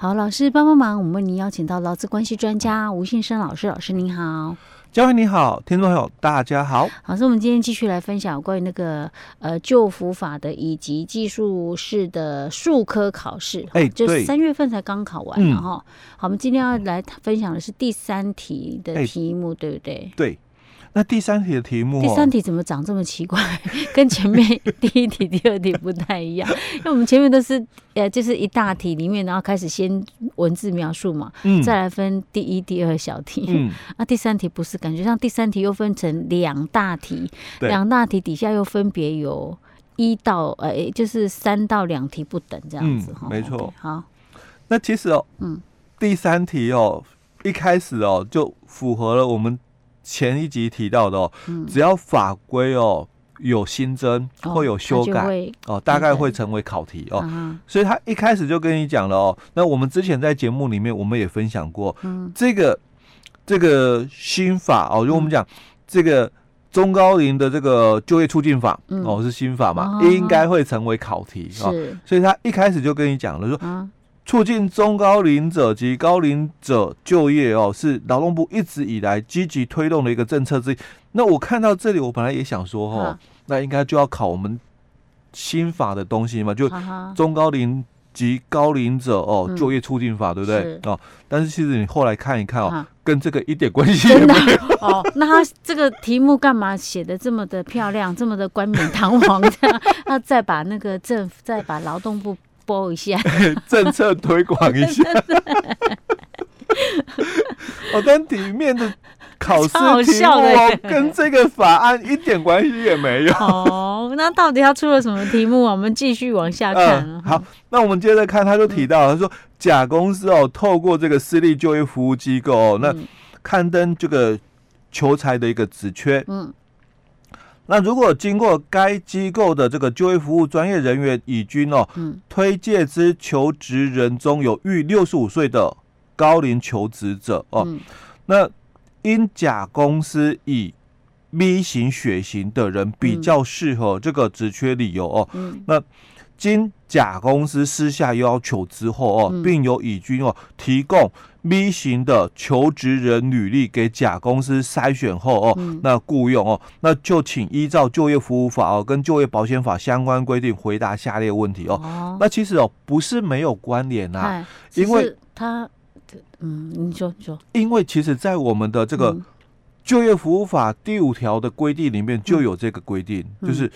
好，老師幫幫忙，我們為您邀請到勞資關係專家吳信昇老師，老師您好，嘉惠你好，聽眾朋友大家好，老師，我們今天繼續來分享關於那個呃就服法的以及技術士的術科考試，哎、欸，就三、是、月份才剛考完然、嗯、好，我們今天要來分享的是第三題的題目，欸、對不對？對。那第三題的題目，喔，第三題怎麼長這麼奇怪？ 跟前面第一題、第二題不太一樣。 因為我們前面都是，呃，就是一大題裡面，然後開始先文字描述嘛，嗯，再來分第一、第二小題，嗯，那、啊、第三題不是感覺像第三題又分成兩大題，兩對大題底下又分別有一到呃，就是三到兩題不等這樣子哈、嗯，沒錯。Okay, 好，那其實哦、喔，嗯，第三題哦、喔，一開始哦、喔、就符合了我們。前一集提到的哦，只要法規哦有新增，會有修改哦，大概會成為考題哦。所以他一開始就跟你講了哦。那我們之前在節目裡面，我們也分享過，這個這個新法哦，如果我們講這個中高齡的這個就業促進法哦，是新法嘛，應該會成為考題哦。所以他一開始就跟你講了說。促進中高齡者及高齡者就業哦，是勞動部一直以來積極推動的一個政策之一。那我看到這裡，我本來也想說哦，啊、那應該就要考我們新法的東西嘛，就中高齡及高齡者哦、嗯、就業促進法，對不對？嗯、哦，但是其實你後來看一看哦，啊、跟這個一點關係也沒有的 哦。那他這個題目幹嘛寫得這麼的漂亮，這麼的冠冕堂皇？這樣，那 再把那個政府，再把勞動部。 欸、政策推廣一下。但裡面的考試、哦、跟這個法案一點關係也沒有。哦，那到底他出了什麼題目、啊？我們繼續往下看、哦呃。好，那我們接着看，他就提到他、嗯、說，甲公司哦，透過這個私立就業服務機構哦，那刊登這個求才的一個職缺，嗯。那如果經過該機構的這個就業服務專業人員乙君哦，推介之求職人中有逾六十五歲的高齡求職者哦，那因甲公司以 B 型血型的人比較適合這個職缺理由哦，那經甲公司私下要求之後哦，並由乙君哦提供。B 型的求職人履歷給甲公司篩選後哦，嗯、那雇用哦，那就請依照就業服務法哦跟就業保險法相關規定回答下列問題哦。哦那其實哦不是沒有關聯吶、啊，嗨因為他嗯你說你說，因為其實，在我們的這個就業服務法第五條的規定裡面就有這個規定，嗯、就是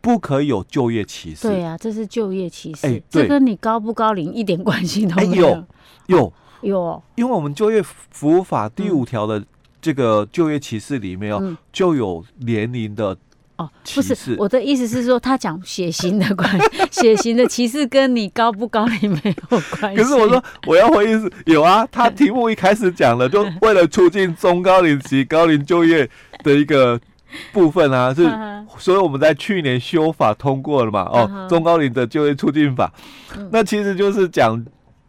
不可以有就業歧視。對啊，這是就業歧視，欸、對這跟你高不高齡一點關係都沒有。欸、有，有有、哦，因為我們就業服務法第五條的這個就業歧視裡面哦，嗯、就有年齡的哦歧視。哦，不是，我的意思是說，他講血型的關係， 血型的歧視跟你高不高齡沒有關係。可是我說我要回應是，有啊，他題目一開始講了， 就為了促進中高齡及高齡就業的一個部分啊，是 所以我們在去年修法通過了嘛？哦， 中高齡的就業促進法，嗯、那其實就是講。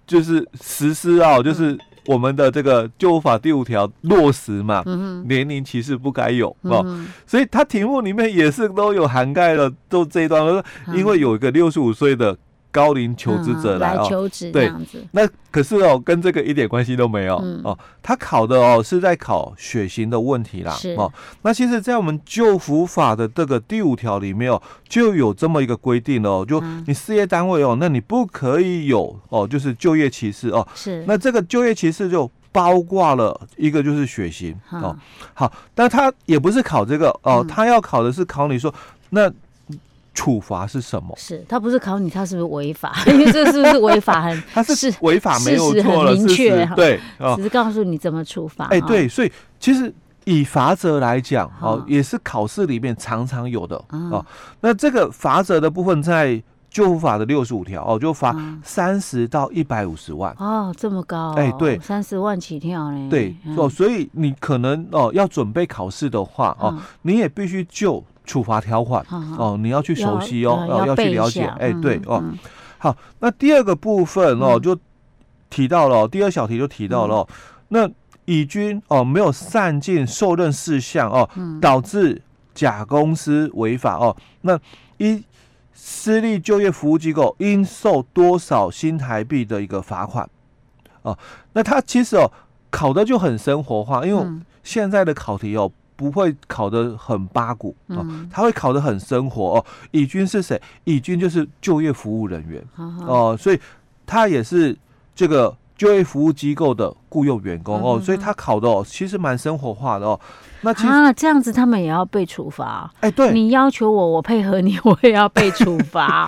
就是實施啊、哦，就是我們的這個《就服法》第五條落實嘛，年齡歧視不該有哦，所以它題目裡面也是都有涵蓋了，就這一段，因為有一個六十五歲的。高齡求職者來啊、哦，嗯、來求職對那可是哦，跟這個一點關係都沒有、嗯、哦。他考的哦，是在考血型的問題啦。是哦。那其實，在我們《就服法》的這個第五條裡面哦，就有這麼一個規定哦，就你事業單位哦，嗯、那你不可以有哦，就是就業歧視哦。是。那這個就業歧視就包括了一個，就是血型、嗯、哦。好，但他也不是考這個哦，嗯、他要考的是考你說那。處罰是什麼？是他不是考你，他是不是違法，因為這是不是違法很他是是違法沒有錯了，事實很明確，對，只是告訴你怎麼處罰。哎，對，所以其實以罰則來講，哦，也是考試裡面常常有的哦，那這個罰則的部分在《就服法》的六十五條，哦，就罰三十到一百五十萬。哦，這麼高？哎，對，三十萬起跳呢。對，哦，所以你可能哦要準備考試的話，哦，你也必須就。處罰條款哦，你要去熟悉哦，要要去了解，哎，對哦。好，那第二個部分哦，就提到了第二小題就提到了，那乙君哦沒有善盡受任事項哦，導致甲公司違法哦，那乙私立就業服務機構應受多少新台幣的一個罰款哦？那它其實哦考的就很生活化，因為現在的考題哦。不會考的很八股哦，他會考的很生活哦。乙君是誰？乙君就是就業服務人員哦、嗯哼呃，所以他也是這個就業服務機構的雇傭員工、嗯、哼哦，所以他考的哦，其實蠻生活化的哦。那其實啊，這樣子他們也要被處罰？哎、欸，對，你要求我，我配合你，我也要被處罰。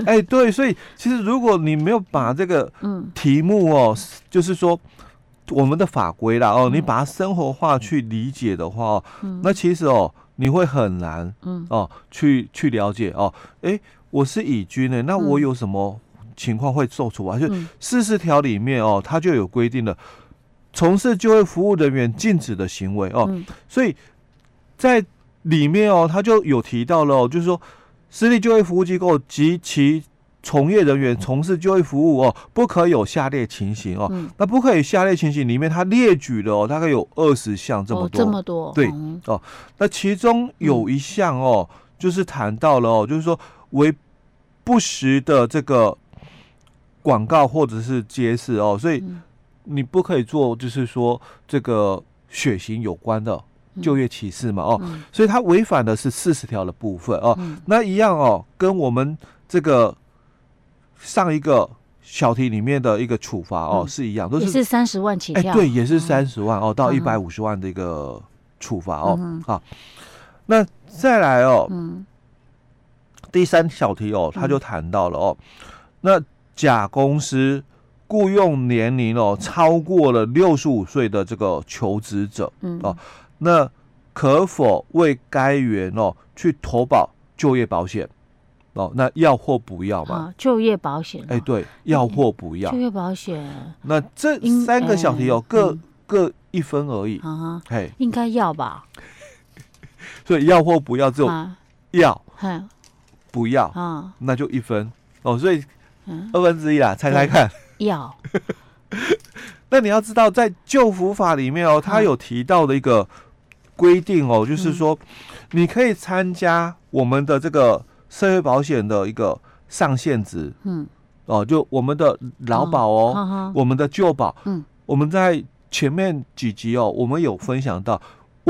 哎 、欸，對，所以其實如果你沒有把這個嗯題目哦，嗯、就是說。我們的法規啦，哦，你把它生活化去理解的話，哦、嗯，那其實哦，你會很難，嗯、哦，去去了解哦，哎、欸，我是乙級呢，那我有什麼情況會受處罰、啊？嗯、就四十條裡面哦，它就有規定了，從事就業服務人員禁止的行為哦，嗯、所以在裡面哦，他就有提到了、哦，就是說，私立就業服務機構及其。從業人員從事就業服務哦，不可以有下列情形哦。嗯、那不可以下列情形裡面，它列舉的哦，大概有二十項這麼多、哦。這麼多。對、嗯、哦，那其中有一項哦，嗯、就是談到了哦，就是說為不實的這個廣告或者是揭示哦，所以你不可以做，就是說這個血型有關的就業歧視嘛哦。嗯嗯、所以它違反的是四十條的部分哦。嗯、那一樣哦，跟我們這個。上一個小題裡面的一個處罰哦，嗯、是一樣，都是也是三十萬起跳，欸、對，也是三十萬哦，嗯、到一百五十萬的一個處罰哦。好、嗯哼啊，那再來哦，嗯、第三小題哦，他就談到了哦，嗯、那甲公司雇傭年齡哦超過了六十五歲的這個求職者，嗯哦，那可否為該員哦去投保就業保險？哦，那要或不要嘛？就業保險，哎，對，要或不要？就業保險。那這三個小題哦，各各一分而已啊。嘿，應該要吧？所以要或不要，只有要、不要啊，那就一分哦。所以二分之一啦，猜猜看？要。那你要知道，在就服法裡面哦，他有提到的一個規定哦，就是說你可以參加我們的這個。社會保險的一個上限值，嗯，哦、啊，就我們的勞保哦，哦我們的就保，嗯，我們在前面幾集哦，我們有分享到，嗯、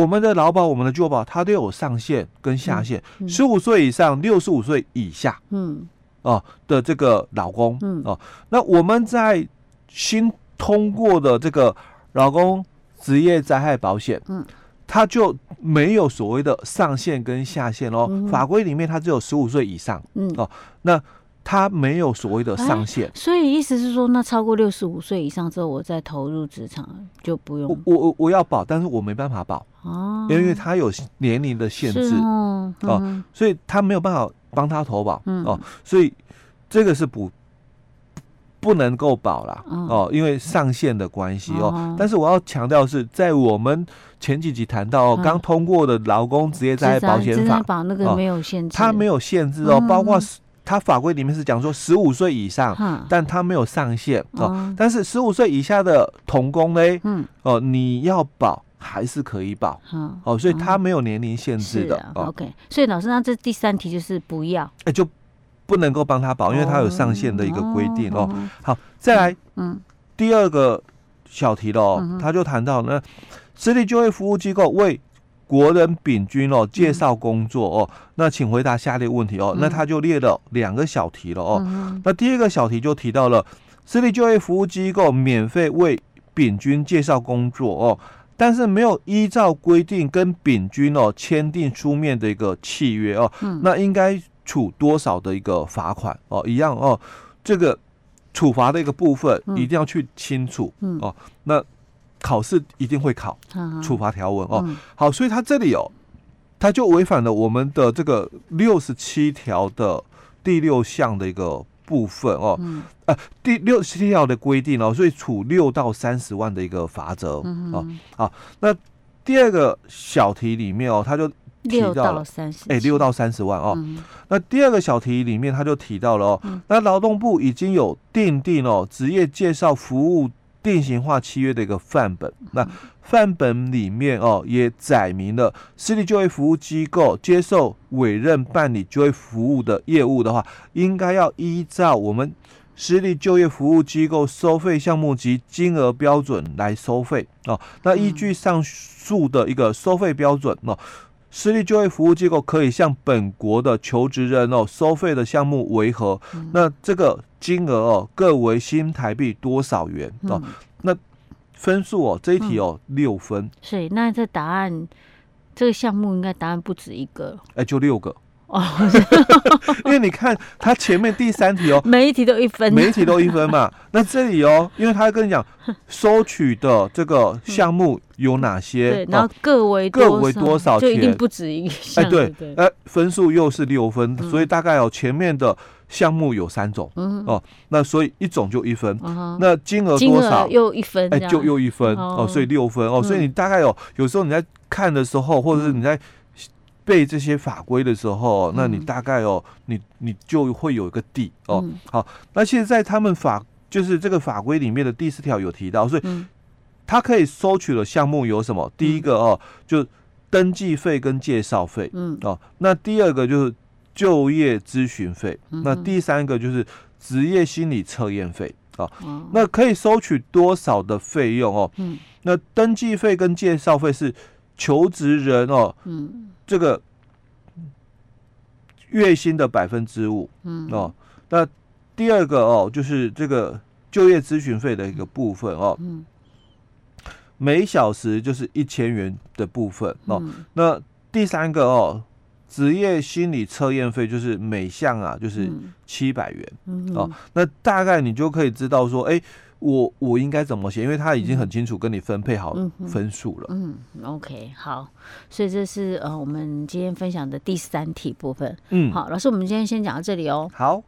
我們的勞保、我們的就保，它都有上限跟下限，十五、嗯嗯、歲以上、六十五歲以下，嗯，哦、啊、的這個勞工，嗯，哦、啊，那我們在新通過的這個勞工職業災害保險，嗯。嗯他就沒有所謂的上限跟下限哦，法規裡面他只有十五歲以上嗯哦，那他沒有所謂的上限，所以意思是說，那超過六十五歲以上之後，我再投入職場就不用我我我要保，但是我沒辦法保哦，因為他有年齡的限制哦，所以他沒有辦法幫他投保哦，所以這個是補。不能夠保了哦，因為上限的關係哦。但是我要強調的是在我們前幾集談到剛通過的勞工職業災害保險法，那個沒有限制，他沒有限制哦。包括他法規裡面是講說十五歲以上，但他沒有上限哦。但是十五歲以下的童工呢，哦，你要保還是可以保哦，所以他沒有年齡限制的。OK，所以老師，那這第三題就是不要，哎就。不能夠幫他保，因為他有上限的一個規定哦。哦哦好，再來，嗯，嗯第二個小題了哦，嗯、哼他就談到那私立就業服務機構為國人丙君哦介紹工作哦，嗯、那請回答下列問題哦。嗯、那他就列了兩個小題了哦。嗯、哼那第一個小題就提到了私立就業服務機構免費為丙君介紹工作哦，但是沒有依照規定跟丙君哦簽訂書面的一個契約哦。嗯、那應該。處多少的一個罰款哦，一樣哦，這個處罰的一個部分一定要去清楚，嗯嗯，哦。那考試一定會考，嗯嗯，處罰條文哦。嗯、好，所以他這裡有、哦，他就違反了我們的這個六十七條的第六項的一個部分哦。哎、嗯啊，第六十七條的規定哦，所以處六到三十萬的一個罰則，嗯、哼哦。好，那第二個小題裡面哦，他就。提到了誒，六、欸、到三十萬哦。嗯、那第二個小題裡面，他就提到了哦。嗯、那勞動部已經有訂定、哦、了職業介紹服務定型化契約的一個範本。那範本裡面哦，也載明了私立就業服務機構接受委任辦理就業服務的業務的話，應該要依照我們私立就業服務機構收費項目及金額標準來收費哦。那依據上述的一個收費標準哦。嗯嗯私立就業服務機構可以向本國的求職人哦收費的項目為何？嗯、那這個金額哦各為新台幣多少元、嗯、哦？那分數哦這一題哦、嗯、六分。是，那這答案這個項目應該答案不止一個。哎、欸，就六個哦， 因為你看他前面第三題哦，每一題都一分、啊，每一題都一分嘛。 那這裡哦，因為他跟你講收取的這個項目、嗯。有哪些？對，然後各為各為多少錢？就一定不止一。哎，對，哎，分數又是六分，所以大概哦，前面的項目有三種哦。那所以一種就一分，那金額多少又一分？哎，就又一分哦。所以六分哦。所以你大概哦，有時候你在看的時候，或者是你在背這些法規的時候，那你大概哦，你你就會有一個底哦。好，那其實，在他們法就是這個法規裡面的第四條有提到，所以。他可以收取的項目有什麼？第一個哦，就登記費跟介紹費，嗯，哦，那第二個就是就業諮詢費，嗯、哼那第三個就是職業心理測驗費，哦，哦，那可以收取多少的費用哦？嗯、那登記費跟介紹費是求職人哦，嗯、這個月薪的百分之五，嗯，哦，那第二個哦，就是這個就業諮詢費的一個部分哦，嗯嗯每小時就是一千元的部分、嗯、哦。那第三個哦，職業心理測驗費就是每項啊就是七百元、嗯嗯、哦。那大概你就可以知道說，哎、欸，我我應該怎麼寫，因為他已經很清楚跟你分配好分數了。嗯、嗯，OK，好，所以這是呃我們今天分享的第三題部分。嗯，好，老師，我們今天先講到這裡哦。好。